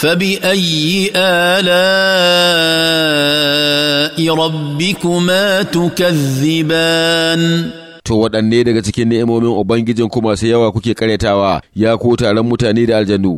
فبأي آلاء ربكما تكذبان to waɗanne daga cikin ni'imomin ubangijinku masu yawa kuke karyatawa ya ko taron mutane da aljanu